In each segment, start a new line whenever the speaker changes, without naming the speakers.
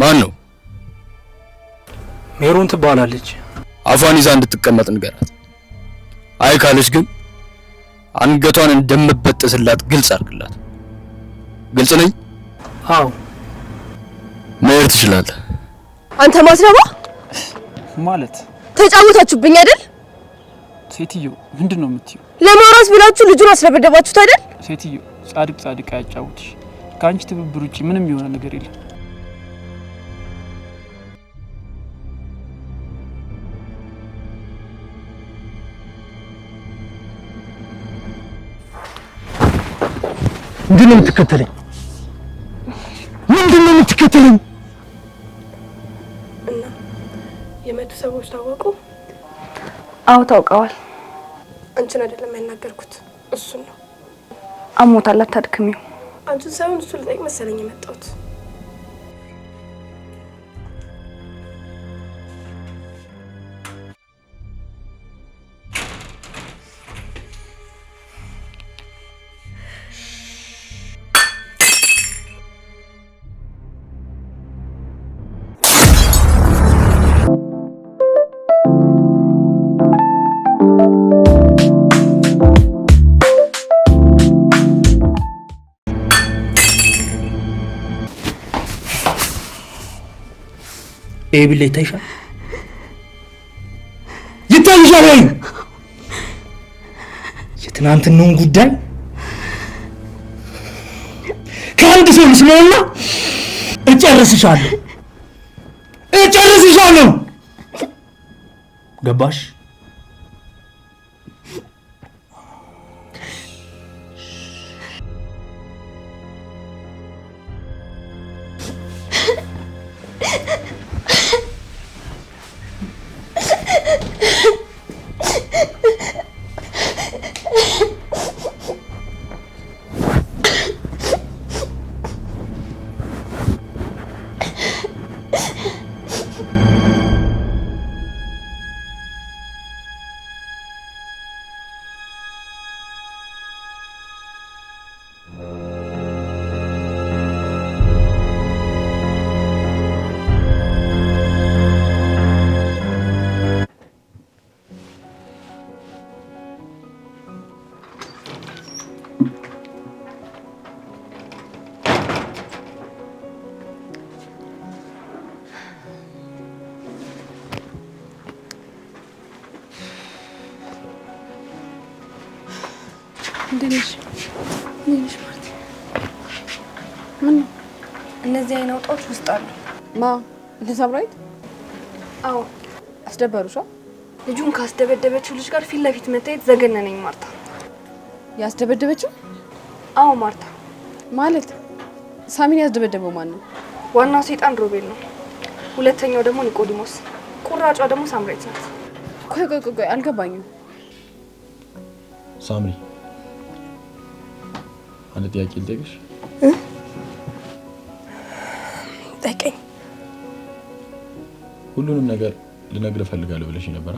ማን ነው?
ሜሮን ትባላለች።
አፏን ይዛ እንድትቀመጥ ንገራት። አይ ካለች ግን አንገቷን እንደምበጥስላት ግልጽ አድርግላት። ግልጽ ነኝ? አዎ። መሄድ ትችላለህ።
አንተ ማስረባ ማለት ተጫወታችሁብኝ አይደል?
ሴትዮ ምንድን ነው
ለማራስ ብላችሁ ልጁን አስረበደባችሁት አይደል?
ሴትዮ ጻድቅ ጻድቅ አያጫውትሽ። ከአንቺ ትብብር ውጪ ምንም የሆነ ነገር የለም።
የምትከተለኝ? ምንድን ነው የምትከተለኝ?
እና የመጡ ሰዎች ታወቁ? አዎ ታውቀዋል። አንቺን አይደለም ያናገርኩት እሱን ነው።
አሞታል። አታድክሚው።
አንቺን ሳይሆን እሱ ልጠይቅ መሰለኝ የመጣሁት
ይሄ ቢላ ይታይሻል?
ይታይሻል ወይ? የትናንትናውን ጉዳይ ከአንድ ሰው ልስማውና እጨርስሻለሁ፣ እጨርስሻለሁ። ገባሽ?
ማ እነ ሳምራዊት? አዎ አስደበሩሻ?
ልጁን ካስደበደበችው ልጅ ጋር ፊት ለፊት መታየት ዘገነነኝ ማርታ።
ያስደበደበችው? አዎ ማርታ። ማለት ሳሚን ያስደበደበው ማን ነው?
ዋናው ሰይጣን ሮቤል ነው። ሁለተኛው ደግሞ ኒቆዲሞስ፣ ቁራጯ ደግሞ ሳምራዊት ናት።
ቆይ ቆይ ቆይ አልገባኝም።
ሳምሪ አንድ ጥያቄ ልጠይቅሽ። ሁሉንም ነገር ልነግር እፈልጋለሁ ብለሽ ነበረ።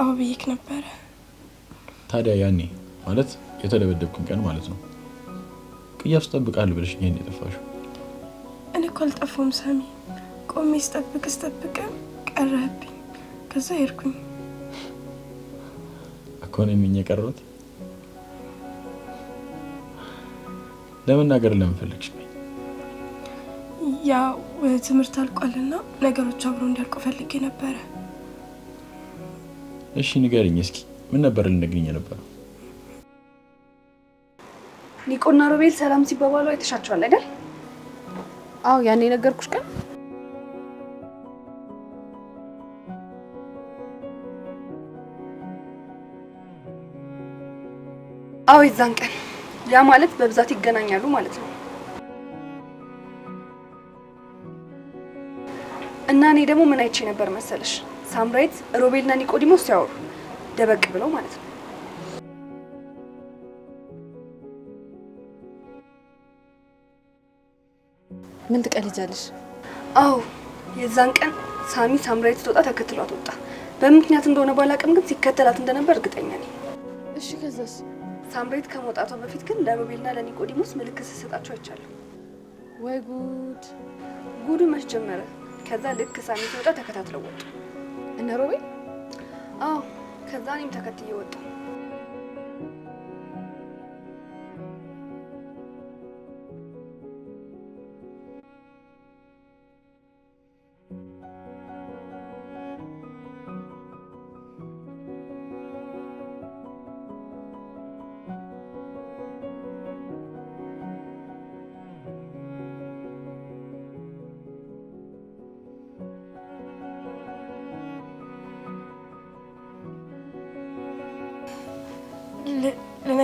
አዎ ብዬሽ ነበረ።
ታዲያ ያኔ ማለት የተደበደብኩኝ ቀን ማለት ነው። ቅያስ እጠብቅሃለሁ ብለሽ ይህን የጠፋሽው።
እኔ እኮ አልጠፋሁም ሳሚ። ቆሜ ስጠብቅ ስጠብቅ ቀረህብኝ። ከዛ ሄድኩኝ
እኮ የሚኝ የቀረሁት ለመናገር ለምን ፈለግሽ?
ያው ትምህርት አልቋልና ነገሮች አብሮ እንዲያልቁ ፈልጌ ነበረ።
እሺ ንገርኝ እስኪ ምን ነበር ልነግርኝ ነበረ?
ኒቆና ሮቤል ሰላም ሲባባሉ አይተሻቸዋል አይደል?
አዎ ያኔ የነገርኩሽ ቀን
አዎ የዛን ቀን ያ ማለት በብዛት ይገናኛሉ ማለት ነው። እና እኔ ደግሞ ምን አይቼ ነበር መሰለሽ? ሳምራይት ሮቤልና ኒቆዲሞስ ሲያወሩ ደበቅ ብለው ማለት ነው።
ምን ትቀልጃለሽ?
አዎ የዛን ቀን ሳሚ ሳምራይት ስትወጣ ተከትሏት ወጣ። በምክንያት እንደሆነ ባላቅም ግን ሲከተላት እንደነበር እርግጠኛ ነኝ። እሺ ከዛስ? ሳምራይት ከመውጣቷ በፊት ግን ለሮቤልና ለኒቆዲሞስ ምልክት ስሰጣቸው አይቻለሁ።
ወይ ጉድ!
ጉዱ መች ጀመረ። ከዛ ልክ ሳሚ ሲወጣ ተከታትለው ወጡ እነ ሮቤል። አዎ ከዛ እኔም ተከትዬ ወጣ።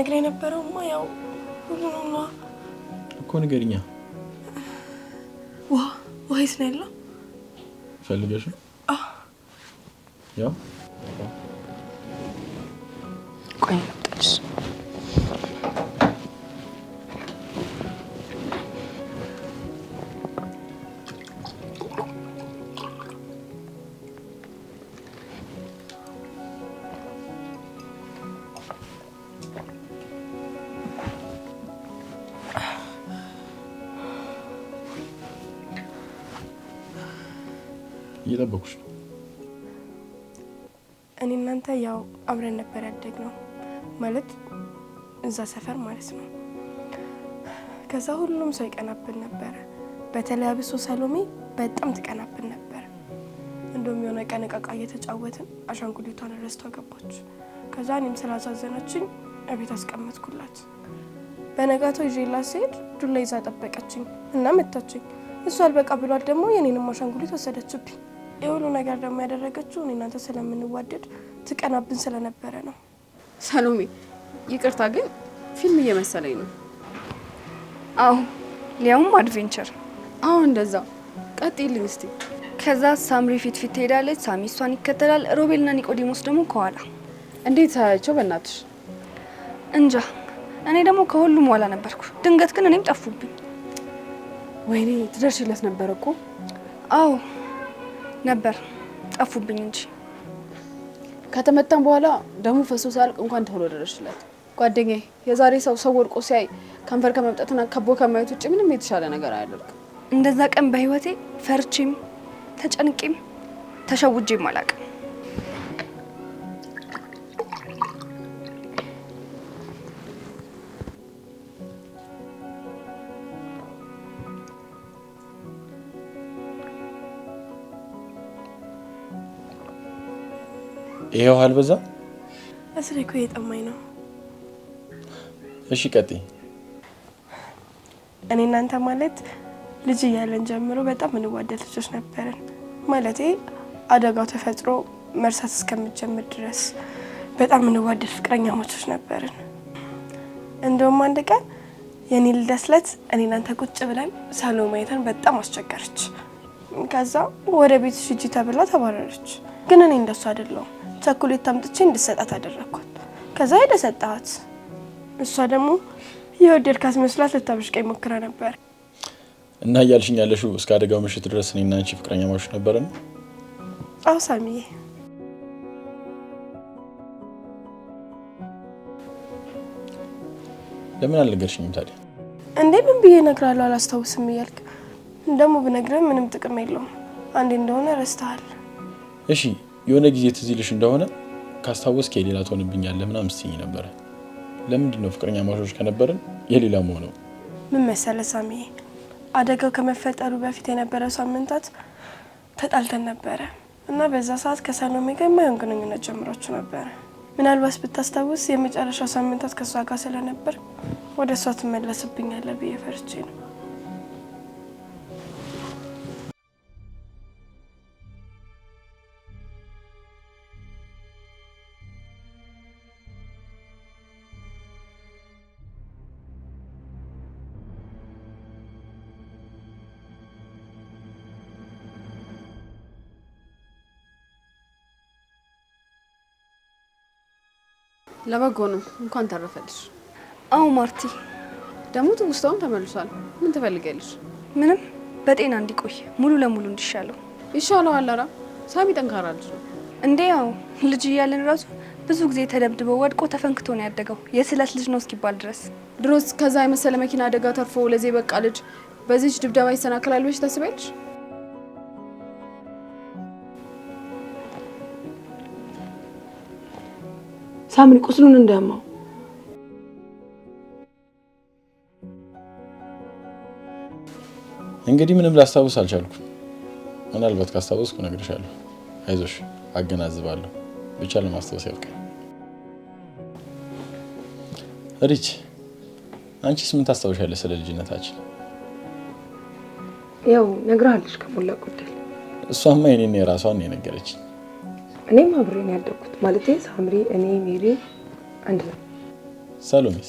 greina pero mai au ulunula kone gerinya wa wa isnello fello gesho ah
ya ko እየጠበኩሽ ነው።
እኔ እናንተ ያው አብረን ነበር ያደግ ነው ማለት እዛ ሰፈር ማለት ነው። ከዛ ሁሉም ሰው ይቀናብን ነበረ። በተለይ አብሶ ሰሎሜ በጣም ትቀናብን ነበር እንደውም የሆነ ቀን እየተጫወትን አሻንጉሊቷን ረስታ ገባች። ከዛ እኔም ስላሳዘነችኝ እቤት አስቀመጥኩላት። በነጋታው ይዤላት ስሄድ ዱላ ይዛ ጠበቀችኝ እና መታችኝ። እሷ አልበቃ ብሏል ደግሞ የኔንም አሻንጉሊት ወሰደችብኝ። የሁሉ ነገር ደግሞ ያደረገችው እኔ እናንተ ስለምንዋደድ ትቀናብን ስለነበረ ነው።
ሰሎሜ ይቅርታ፣ ግን ፊልም እየመሰለኝ ነው።
አዎ፣ ሊያውም አድቬንቸር።
አዎ፣ እንደዛ ቀጥይልኝ እስቲ።
ከዛ ሳምሪ ፊት ፊት ትሄዳለች፣ ሳሚ እሷን ይከተላል። ሮቤልና ኒቆዲሞስ ደግሞ ከኋላ።
እንዴት ሳያቸው በእናትሽ
እንጃ። እኔ ደግሞ ከሁሉም ኋላ ነበርኩ። ድንገት ግን እኔም ጠፉብኝ።
ወይኔ፣ ትደርሽለት ነበር እኮ።
አዎ ነበር፣ ጠፉብኝ እንጂ።
ከተመጣን በኋላ ደሙ ፈሶ ሳልቅ እንኳን ቶሎ ደረስሽላት ጓደኛ የዛሬ ሰው ሰው ወድቆ ሲያይ ከንፈር ከመምጠትና ከቦ ከማየት ውጭ ምንም የተሻለ ነገር አያደርግ
እንደዛ ቀን በህይወቴ ፈርቼም ተጨንቄም ተሸውጄም አላውቅም። ይሄው አልበዛ? አስሬ እኮ እየጠማኝ ነው። እሺ ቀጤ እኔ እናንተ ማለት ልጅ እያለን ጀምሮ በጣም እንዋደድ ልጆች ነበርን። ማለቴ አደጋው ተፈጥሮ መርሳት እስከምጀምር ድረስ በጣም እንዋደድ ፍቅረኛ ሞቾች ነበርን። እንደውም አንድ ቀን የኔ ልደት ዕለት እኔ እናንተ ቁጭ ብለን ሳሎን ማየትን በጣም አስቸገረች። ከዛ ወደ ቤት ሽጂ ተብላ ተባረረች። ግን እኔ እንደሱ አይደለሁም። ቸኮሌት አምጥቼ እንድሰጣት አደረግኳት። ከዛ ሄደ ሰጣት። እሷ ደግሞ የወደድካት መስላት ልታበሽቀኝ ሞክራ ነበር።
እና እያልሽኝ ያለሽው እስከ አደጋው ምሽት ድረስ እኔና አንቺ ፍቅረኛ ማሽ ነበርን? ነው? አዎ ሳሚዬ። ለምን አልነገርሽኝም ታዲያ?
እንዴ ምን ብዬ እነግርሃለሁ? አላስታውስም እያልክ ደግሞ ብነግረህ ምንም ጥቅም የለውም። አንዴ እንደሆነ ረስተሃል።
እሺ የሆነ ጊዜ ትዝ ይልሽ እንደሆነ ካስታወስክ የሌላ ትሆንብኛለህ ምናምን ስትይኝ ነበረ። ለምንድን ነው ፍቅረኛ ማሾች ከነበርን የሌላ መሆነው?
ምን መሰለ ሳሚ፣ አደጋው ከመፈጠሩ በፊት የነበረው ሳምንታት ተጣልተን ነበረ እና በዛ ሰዓት ከሰሎሜ ጋር የማይሆን ግንኙነት ጀምራችሁ ነበረ። ምናልባት ብታስታውስ የመጨረሻው ሳምንታት ከእሷ ጋር ስለነበር ወደ እሷ ትመለስብኛለህ ብዬ ፈርቼ ነው።
ለበጎ ነው። እንኳን ተረፈልሽ። አዎ ማርቲ፣ ደግሞ ትውስታውም ተመልሷል። ምን ትፈልጋለሽ?
ምንም፣ በጤና እንዲቆይ ሙሉ ለሙሉ እንዲሻለው።
ይሻለዋል። ኧረ ሳሚ ጠንካራ ልጅ ነው
እንዴ? ያው ልጅ እያለን ራሱ ብዙ ጊዜ ተደብድቦ ወድቆ ተፈንክቶ ነው ያደገው። የስለት ልጅ ነው እስኪባል ድረስ ድሮስ ከዛ የመሰለ መኪና አደጋ ተርፎ ለዚህ በቃ ልጅ በዚች ድብደባ ይሰናከላል ብለሽ ታስቢያለሽ?
ሳምሪ ቁስሉን እንዳማው
እንግዲህ ምንም ላስታውስ አልቻልኩም። ምናልባት ካስታወስኩ እነግርሻለሁ። አይዞሽ፣ አገናዝባለሁ። ብቻ ለማስታወስ ያብቃኝ። ሪች፣ አንቺስ ምን ታስታውሻለሽ ስለ ልጅነታችን?
ያው ነግረሃለች ከሞላ ጎደል።
እሷማ የኔን የራሷን የነገረችኝ
እኔም አብሬን ያደግኩት ማለት ሳምሪ፣ እኔ፣ ሜሪ አንድ ነው። ሰሎሜስ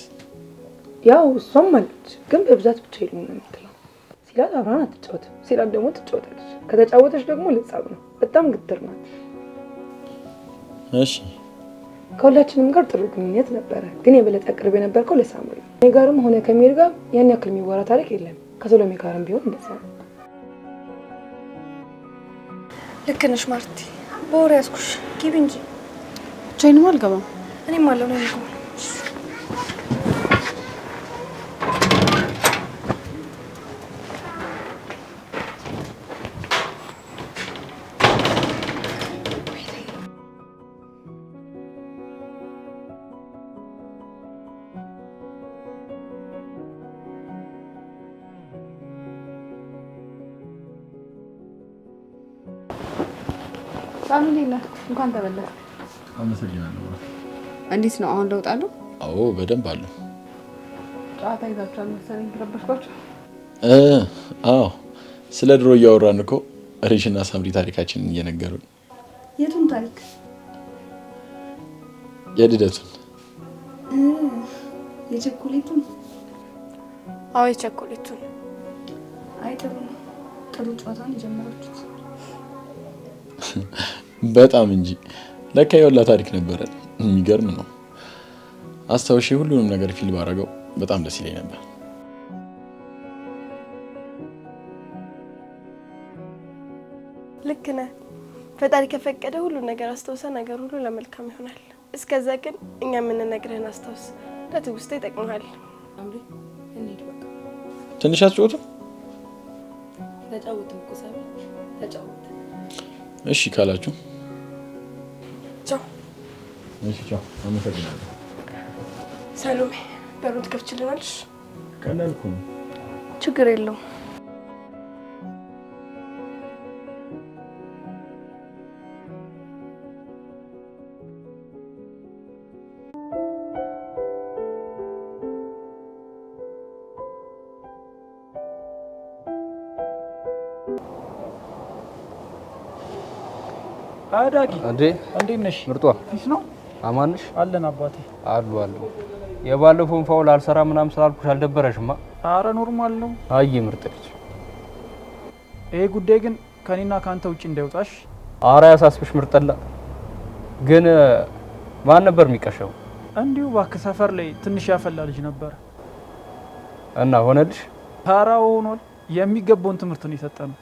ያው እሷም አለች፣ ግን በብዛት ብቻ ይሉ ነው የምትለው። ሲላት አብራን አትጫወትም፣ ሲላት ደግሞ ትጫወታለች። ከተጫወተች ደግሞ ልጻብ ነው። በጣም ግትር ናት። እሺ ከሁላችንም ጋር ጥሩ ግንኙነት ነበረ፣ ግን የበለጠ ቅርብ የነበርከው ለሳምሪ ነው። እኔ ጋርም ሆነ ከሚሄድ ጋር ያን ያክል የሚወራ ታሪክ የለም። ከሰሎሜ ጋርም ቢሆን እንደዛ ነው።
ልክ ነሽ ማርቲ በወሬ ያዝኩሽ። ግቢ እንጂ
ብቻዬንማ አልገባም። እኔም አለው ነው ሳሚ እንዴት ነህ? እንኳን ተመለስክ።
አመሰግናለሁ።
እንዴት ነው አሁን ለውጥ አለው?
አዎ በደንብ አለው።
ጨዋታ ይዛችኋል መሰለኝ ረበሽኳቸው።
አዎ ስለ ድሮ እያወራን እኮ ሬሽና ሳምሪ ታሪካችንን እየነገሩን። የቱን ታሪክ? የልደቱን።
የቸኮሌቱን? አዎ የቸኮሌቱን። አይ ጥሩ ጥሩ ጨዋታን የጀመራችሁት
በጣም እንጂ ለካ የወላ ታሪክ ነበረ። የሚገርም ነው። አስታውሼ ሁሉንም ነገር ፊል ባረገው በጣም ደስ ይለኝ ነበር።
ልክ ነህ። ፈጣሪ ከፈቀደ ሁሉ ነገር አስታውሰ፣ ነገር ሁሉ ለመልካም ይሆናል። እስከዛ ግን እኛ የምንነግርህን አስታውስ፣ ለትውስታ ይጠቅመሃል።
ትንሽ አትጫወቱም?
ተጫወትም ተጫወት
እሺ ካላችሁ ቻው። አመሰግናለሁ።
ሰሎሜ በሩን ትከፍችልናለሽ? ቀላል ችግር የለውም።
አዳጊ ዳጊ እንዴት ነሽ? ምርጧ ፊት ነው። አማንሽ ነሽ? አለን አባቴ
አሉ አሉ። የባለፈውን ፋውል አልሰራ ምናምን ስላልኩሽ አልደበረሽማ?
አረ ኖርማል ነው።
አይ ምርጥ ልጅ።
ይሄ ጉዳይ ግን ከኔና ካንተ ውጪ እንዳይወጣሽ።
አረ ያሳስብሽ ምርጠላ። ግን ማን ነበር የሚቀሸው?
እንዲሁ እባክህ ሰፈር ላይ ትንሽ ያፈላ ልጅ ነበር እና ሆነልሽ? ታራው ሆኗል። የሚገባውን ትምህርት ነው የሰጠነው።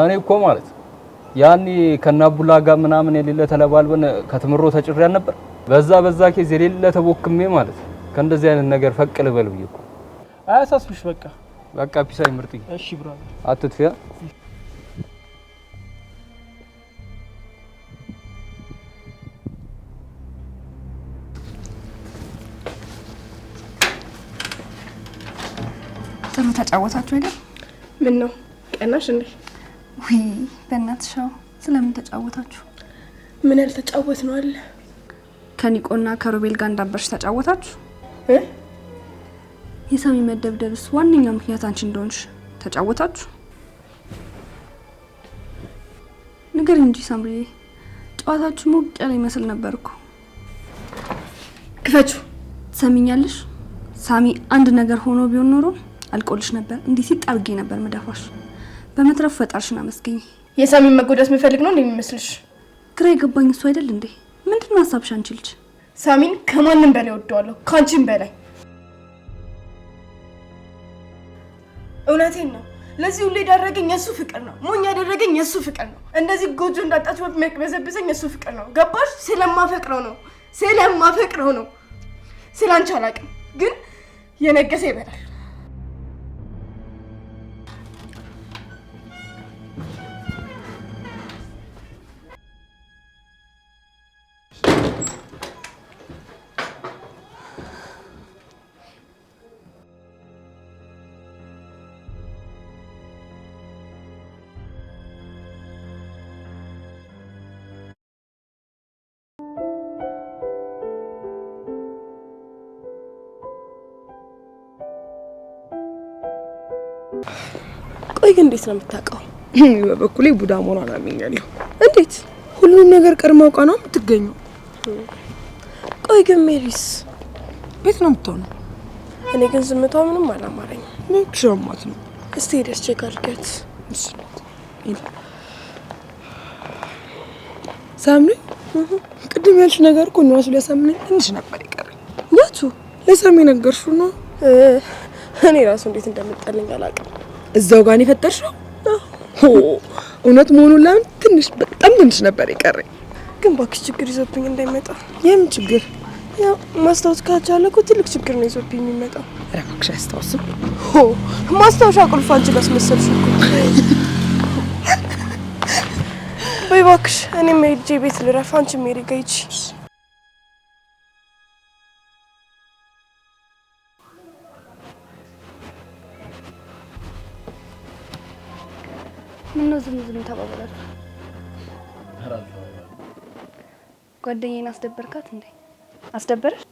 እኔ እኮ ማለት ያኔ ከናቡላ ጋር ምናምን የሌለ ተለባልበን ከትምሮ ተጭሬ ነበር። በዛ በዛ ኬዝ የሌለ ተቦክሜ ማለት ከእንደዚህ አይነት ነገር ፈቅ ልበል ብዬ እኮ
አያሳስብሽ። በቃ
በቃ ፒሳይ ምርጥ። እሺ ብራ አትጥፊያ።
ጥሩ ተጫወታችሁ አይደል?
ምን ነው ቀናሽ እንዴ?
ውይ በእናትሻው ስለምን ተጫወታችሁ?
ምን ያልተጫወት ነው አለ።
ከኒቆና ከሮቤል ጋር እንዳበርሽ ተጫወታችሁ። የሰሚ መደብደብስ ዋነኛው ምክንያት አንቺ እንደሆንሽ ተጫወታችሁ። ንገር እንጂ ሳምሪዬ፣ ጨዋታችሁ ሞቅ ያለ ይመስል ነበርኩ። ክፈችው። ትሰሚኛለሽ ሳሚ፣ አንድ ነገር ሆኖ ቢሆን ኖሮ አልቆልሽ ነበር። እንዲህ ሲጣርጌ ነበር መዳፋሽ በመትረፍ ፈጣርሽን አመስገኝ።
የሳሚን መጎዳት መፈልግ ነው እንደሚመስልሽ?
ግራ የገባኝ እሱ አይደል እንዴ? ምንድን ነው ሀሳብሽ? አንቺ ልጅ
ሳሚን ከማንም በላይ ወደዋለሁ፣ ከአንቺም በላይ እውነቴን ነው። ለዚህ ሁሉ የዳረገኝ የእሱ ፍቅር ነው። ሞኝ ያደረገኝ የእሱ ፍቅር ነው። እንደዚህ ጎጆ እንዳጣች የሚያቅበዘብዘኝ የእሱ ፍቅር ነው። ገባሽ? ስለማፈቅረው ነው፣ ስለማፈቅረው ነው። ስለ አንቺ አላውቅም፣ ግን የነገሰ ይበላል። ቆይ ግን እንዴት ነው የምታውቀው?
በበኩሌ ቡዳ መሆኗን አምኛለሁ። እንዴት ነገር ቀድማ አውቃ ነው
ቆይ ግን ሜሪስ ቤት ነው እኔ ግን ዝምታዋ ምንም አላማረኝም። ሽማት ነው። እስቲ ቼክ
ቅድም ያልሽ ነገር እኮ ነዋሱ ትንሽ ነበር ነው።
እኔ ራሱ እንዴት እንደምጠልኝ አላውቅም።
እዛው ጋር ነው የፈጠርሽው? እውነት መሆኑን ለምን ትንሽ በጣም ትንሽ ነበር የቀረኝ።
ግን እባክሽ ችግር ይዞብኝ እንዳይመጣ። የምን ችግር? ያው ማስታወስ ካልቻለ እኮ ትልቅ ችግር ነው ይዞብኝ የሚመጣው።
ኧረ እባክሽ አያስታውስም።
ሆ ማስታወሻ ቁልፍ አንቺ ላስመሰልሽው እኮ። ወይ እባክሽ እኔ ሄጄ ቤት ልረፍ፣ አንቺ ጋር ሂጂ። ምነው ዝም ዝም ተባብላችሁ? ጓደኛዬን አስደበርካት እንዴ? አስደበረሽ?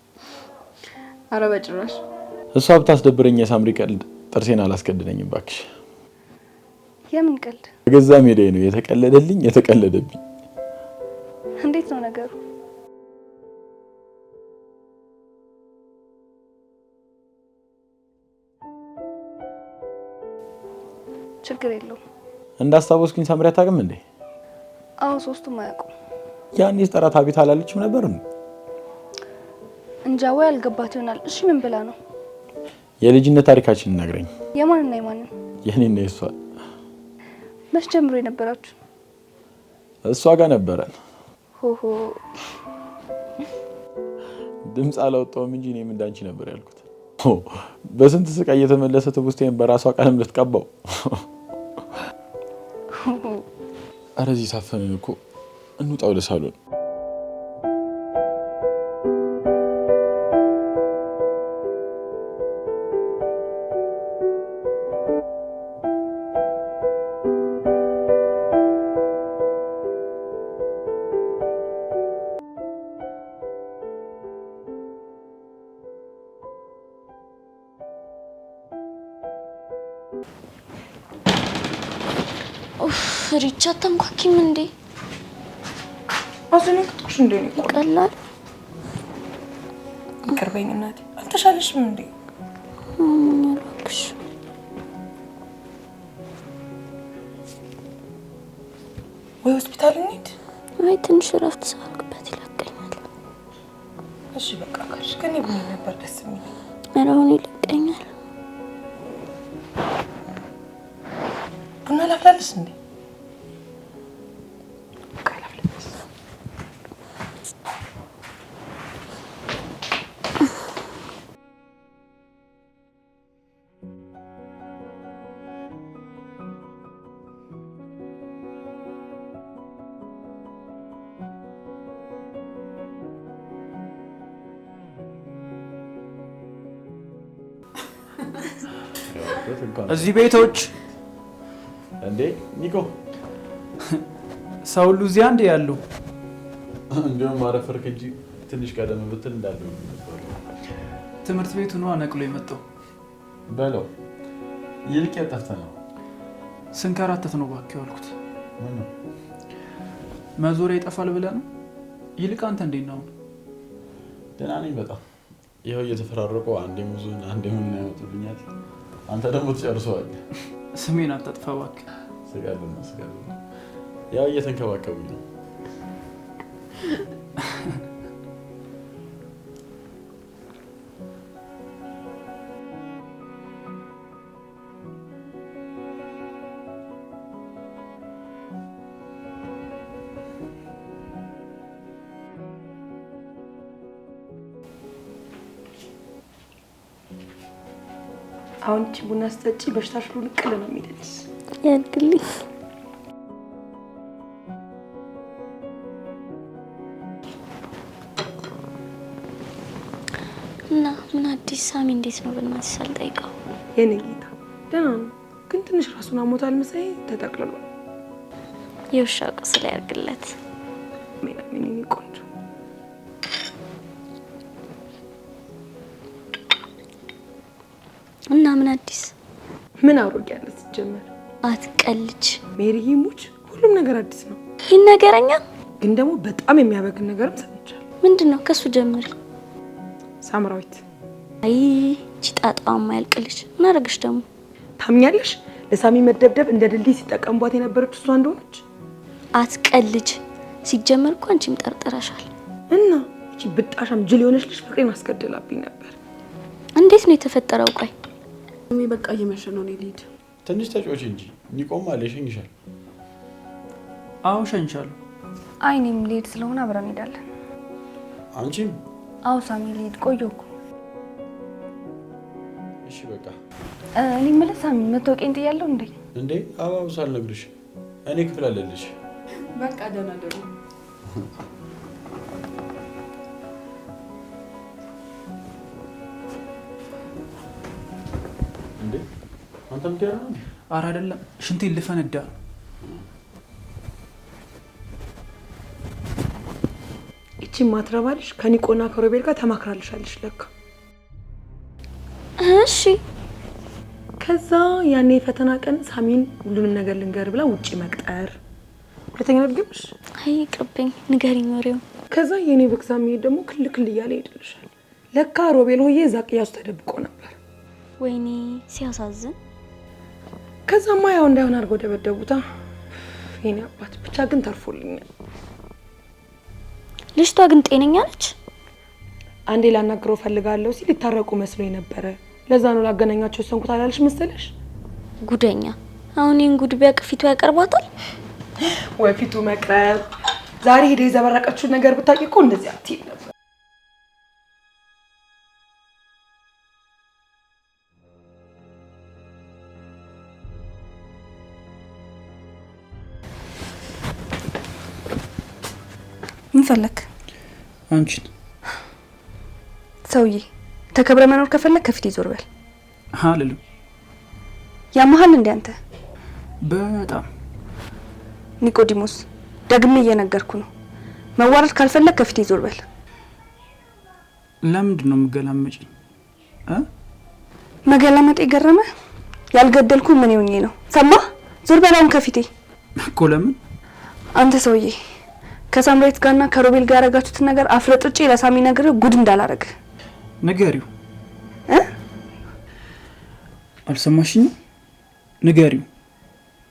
አረ በጭራሽ።
እሷ ብታስደብረኝ የሳምሪ ቀልድ ጥርሴን አላስቀድደኝም ባክሽ። የምን ቀልድ? በገዛ ሜዳዬ ነው የተቀለደልኝ የተቀለደብኝ።
እንዴት ነው ነገሩ? ችግር የለውም።
እንዳስታወስኩኝ ሰምሪ አታውቅም እንዴ?
አዎ ሶስቱም አያውቁም።
ያኔ ስጠራት አቤት አላለችም ነበር እንዴ?
እንጃ ወይ አልገባት ይሆናል። እሺ ምን ብላ ነው?
የልጅነት ታሪካችን ነግረኝ።
የማንና የማንን? የኔና የሷ። መች ጀምሮ የነበራችሁ?
እሷ ጋር ነበረን። ሆሆ ድምፅ አላወጣውም እንጂ እኔም እንዳንቺ ነበር ያልኩት። በስንት ስቃይ እየተመለሰ ትውስቴን በራሷ ቀለም ልትቀባው አረዚህ ታፈንን እኮ እንውጣ ወደ ሳሎን
ነገር እጅ አታንኳኪም እንዴ?
አዘነግጥኩሽ እንዴ? ይቀላል። ይቅርበኝ እናቴ። አልተሻለሽም እንዴ? ወይ ሆስፒታል እንሂድ።
አይ ትንሽ እረፍት ሳልኩበት ይለቀኛል።
እሺ በቃ ካልሽ ከኔ ብሎ ነበር ደስ የሚለኝ።
ኧረ አሁን ይለቀኛል።
ቡና ላፍላለሽ እንዴ? እዚህ ቤቶች
እንዴ ኒኮ
ሰው ሁሉ እዚያ እንዴ ያሉ
እንዲሁም አረፈርክ እንጂ ትንሽ ቀደም ብትል እንዳለ
ትምህርት ቤቱ ነው አነቅሎ የመጣው
በለው ይልቅ የጠፍተ ነው
ስንከራተት ነው እባክህ ያልኩት መዞሪያ ይጠፋል ብለህ ነው ይልቅ አንተ እንዴት ነው
ደህና ነኝ በጣም ይኸው እየተፈራረቁ አንዴ ሙዙን አንዴ ምን ያወጡልኛል አንተ ደግሞ ትጨርሰዋል።
ስሜን አታጥፋ እባክህ።
ስጋልና ስጋ ያው እየተንከባከቡኝ ነው።
አንቺ ቡና ስጠጪ በሽታሽ ሁሉ ንቅል ነው የሚልልሽ።
ያድግልኝ። እና ምን አዲስ ሳሚ፣ እንዴት ነው ብናት ሳልጠይቀው?
የኔ ጌታ ደህና ነው፣ ግን ትንሽ ራሱን አሞታል መሰለኝ። ተጠቅልሏል።
የውሻ ቁስል ያድርግለት። ቆንጆ ምን አዲስ
ምን አውሮጌ ያለ ስትጀምር
አትቀልጅ
ሜሪ ሂሙች ሁሉም ነገር አዲስ ነው ነገረኛ ግን ደግሞ በጣም የሚያበግን ነገርም ሰምቻለሁ
ምንድን ነው ከሱ ጀምር ሳምራዊት አይ ቺጣጣ ማያልቅልሽ ምን አደረግሽ ደግሞ
ታምኛለሽ ለሳሚ መደብደብ እንደ ድልድይ ሲጠቀምቧት የነበረች እሷ እንደሆነች
አትቀልጅ ሲጀመር እኮ አንቺም ጠርጥረሻል
እና ብጣሻም ጅል የሆነች ልጅ ፍቅሬን አስገድላብኝ ነበር
እንዴት ነው የተፈጠረው ቆይ
እኔ በቃ እየመሸ ነው፣ እኔ ልሂድ።
ትንሽ ተጫወች እንጂ ኒቆም አለ ይሸኝሻል።
አዎ እሸኝሻለሁ።
አይ እኔም ልሂድ ስለሆነ አብረን እንሄዳለን። አንቺም? አዎ ሳሚ ልሂድ፣ ቆየሁ እኮ። እሺ በቃ እኔ የምልህ ሳሚ መታወቂያን ጥያለሁ እንዴ?
እንዴ አባብሳል ነግርሽ እኔ ክፍል አለልሽ።
በቃ ደህና ደሩ አንተም ትሄዳለህ? ኧረ አይደለም፣ ሽንቴን ልፈነዳ። እቺ ማትረባልሽ ከኒቆና ከሮቤል ጋር ተማክራልሻለሽ ለካ። እሺ። ከዛ ያኔ የፈተና ቀን ሳሚን ሁሉንም ነገር ልንገር ብላ ውጪ መቅጠር። ሁለተኛ ነድግምሽ።
አይ ይቅርብኝ፣ ንገሪኝ ወሬውን።
ከዛ የኔ ብግዛ መሄድ ደግሞ ክልክል እያለ ይሄድልሻል ለካ። ሮቤል ሆዬ እዛ ቅያሱ ተደብቆ ነበር።
ወይኔ ሲያሳዝን
ከዛማ ያው እንዳይሆን አድርገው ደበደቡታ። የኔ አባት ብቻ ግን ተርፎልኛል።
ልጅቷ ግን ጤነኛ ነች?
አንዴ ላናግረው ፈልጋለሁ ሲል ሊታረቁ መስሎ ነበረ። ለዛ ነው ላገናኛቸው ሰንኩት አላልሽ መሰለሽ?
ጉደኛ! አሁን ይህን ጉድ ቢያቅ ፊቱ ያቀርባታል
ወይ ፊቱ መቅረብ። ዛሬ ሄደ የዘበረቀችው ነገር ብታውቂ እኮ እንደዚህ አትይም ነበር።
ፈለክ? አንቺን ሰውዬ ተከብረ መኖር ከፈለግ ከፊት ይዞር በል። አልልም። ያመሀል እንዴ አንተ? በጣም ኒቆዲሞስ፣ ደግሜ እየነገርኩ ነው። መዋረድ ካልፈለግ ከፊት ይዞር በል።
ለምንድን ነው የምገላመጪኝ?
መገላመጤ ገረመ? ያልገደልኩ ምን ይሁኜ ነው? ሰማ ዞር በላውን ከፊቴ እኮ። ለምን አንተ ሰውዬ ከሳምራዊት ጋርና ከሮቤል ጋር ያደረጋችሁትን ነገር አፍለጥጬ ለሳሚ ነግር ጉድ እንዳላረግ
ንገሪው። አልሰማሽኝ? ንገሪው።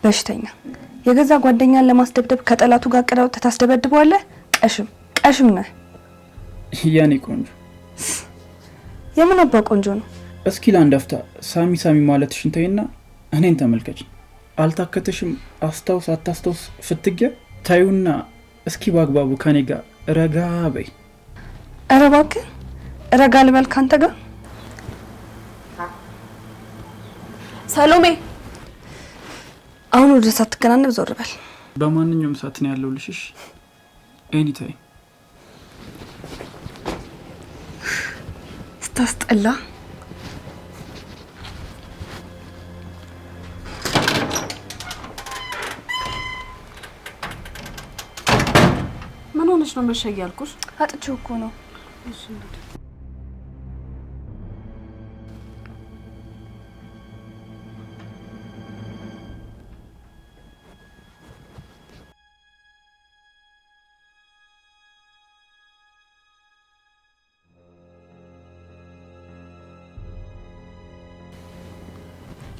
በሽተኛ የገዛ ጓደኛን ለማስደብደብ ከጠላቱ ጋር ቅዳው ታስደበድበዋለህ። ቀሽም ቀሽም ነህ ያኔ ቆንጆ። የምን አባ ቆንጆ ነው?
እስኪ ለአንድ አፍታ ሳሚ ሳሚ ማለትሽን ተይና እኔን ተመልከች። አልታከተሽም? አስታውስ አታስታውስ ፍትጌ ታዩና እስኪ በአግባቡ ከኔ ጋር ረጋ በይ።
ኧረ እባክህ ረጋ ልበል ካንተ ጋር ሰሎሜ። አሁን ወደ ሳት ሳትከናነብ ዞር በል።
በማንኛውም ሰዓት ነው ያለው ልሽሽ ኤኒታይም
ስታስጠላ
ሆነሽ ነው መሸ እያልኩሽ?
አጥቼው እኮ ነው።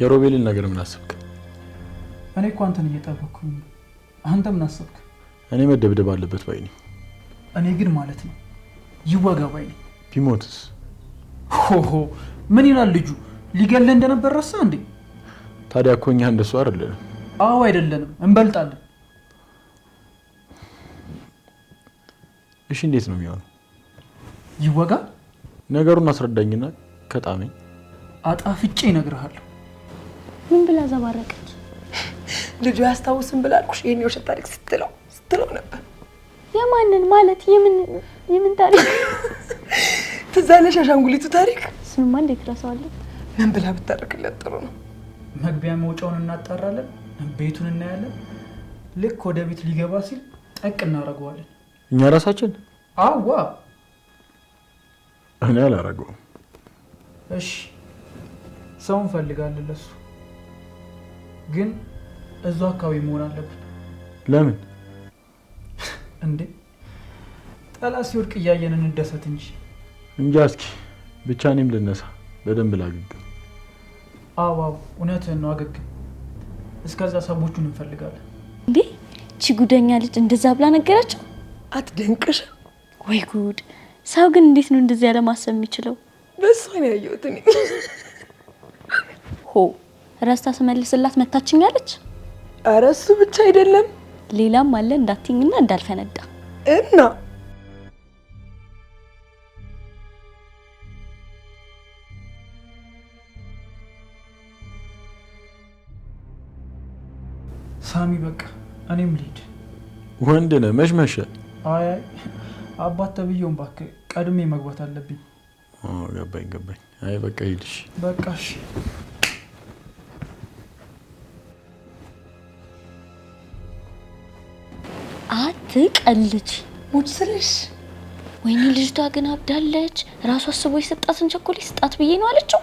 የሮቤልን ነገር ምን አሰብክ?
እኔ እኮ አንተን እየጠበኩኝ፣ አንተ ምን አሰብክ?
እኔ መደብደብ አለበት ባይ ነኝ።
እኔ ግን ማለት ነው ይዋጋ ባይ ነኝ። ቢሞትስ? ሆሆ ምን ይላል ልጁ? ሊገለ እንደነበር ረሳ እንዴ?
ታዲያ እኮ እኛ እንደሱ አይደለንም።
አዎ አይደለንም፣ እንበልጣለን።
እሺ እንዴት ነው የሚሆነው? ይዋጋ? ነገሩን አስረዳኝና ከጣመኝ
አጣፍጬ ይነግርሃለሁ።
ምን ብላ ዘባረቀች?
ልጁ አያስታውስም ብላልኩሽ ይሄን የውሸት ታሪክ ስትለው ስትለው ነበር
የማንን ማለት የምን የምን ታሪክ
ትዝ አለሽ? አሻንጉሊቱ ታሪክ።
እሱንማ እንዴት እረሳዋለሁ።
ምን ብላ ብታደርግለት ጥሩ ነው? መግቢያ መውጫውን እናጣራለን፣ ቤቱን እናያለን። ልክ ወደ ቤት ሊገባ ሲል ጠቅ እናደርገዋለን። እኛ ራሳችን? አዋ
እኔ አላደርገውም።
እሺ ሰው እንፈልጋለን ለሱ፣ ግን እዛው አካባቢ መሆን አለብን ለምን እንዴ ጠላት ሲወድቅ እያየን እንደሰት እንጂ
እንጃ። እስኪ ብቻ እኔም ልነሳ፣ በደንብ ላገግም።
አዋው እውነትህን ነው፣ አገግም። እስከዛ ሰዎቹን እንፈልጋለን።
እንዴ ቺ ጉደኛ ልጅ እንደዛ ብላ ነገራቸው።
አትደንቅሽ
ወይ ጉድ! ሰው ግን እንዴት ነው እንደዚህ ያለ ማሰብ የሚችለው?
በሷ ነው ያየሁት እኔ።
ሆ ረስታ ስመልስላት መታችኛለች።
ኧረ እሱ ብቻ አይደለም
ሌላም አለ እንዳትኝና እንዳልፈነዳ
እና ሳሚ በቃ እኔም ልሂድ።
ወንድ ነህ መች
አይ አባት ተብዬውን እባክህ ቀድሜ መግባት አለብኝ።
ገባኝ ገባኝ። አይ በቃ ሂድሽ
በቃሽ።
ትቀልጅ ሙድ ስልሽ። ወይኔ ልጅቷ ግን አብዳለች። ራሱ አስቦ የሰጣትን ቸኮሌት ስጣት ብዬ ነው አለችው።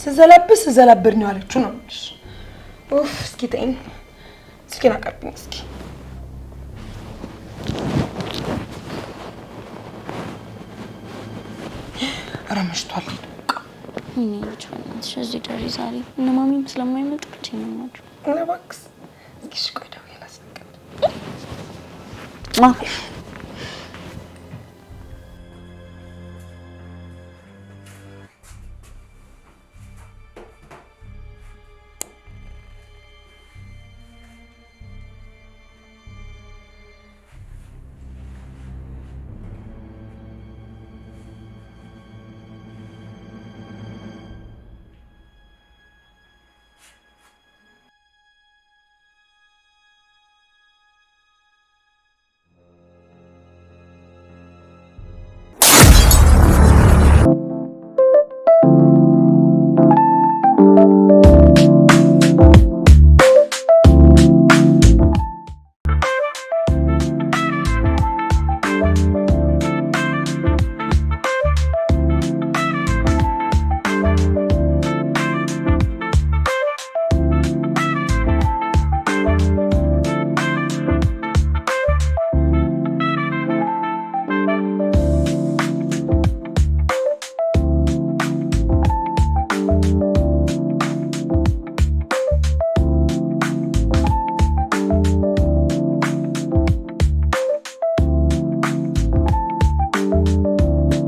ስዘላብስ ስዘላብድ ነው ያለችው ነው የምልሽ። ኡፍ እስኪ ተይኝ፣ እስኪ ናቀርብኝ፣ እስኪ ረመሽቷል።
እዚህ ደሪ ዛሬ እነ ማሚም ስለማይመጡ ብቻ ነው
እባክሽ። እስኪ ቆይ 么。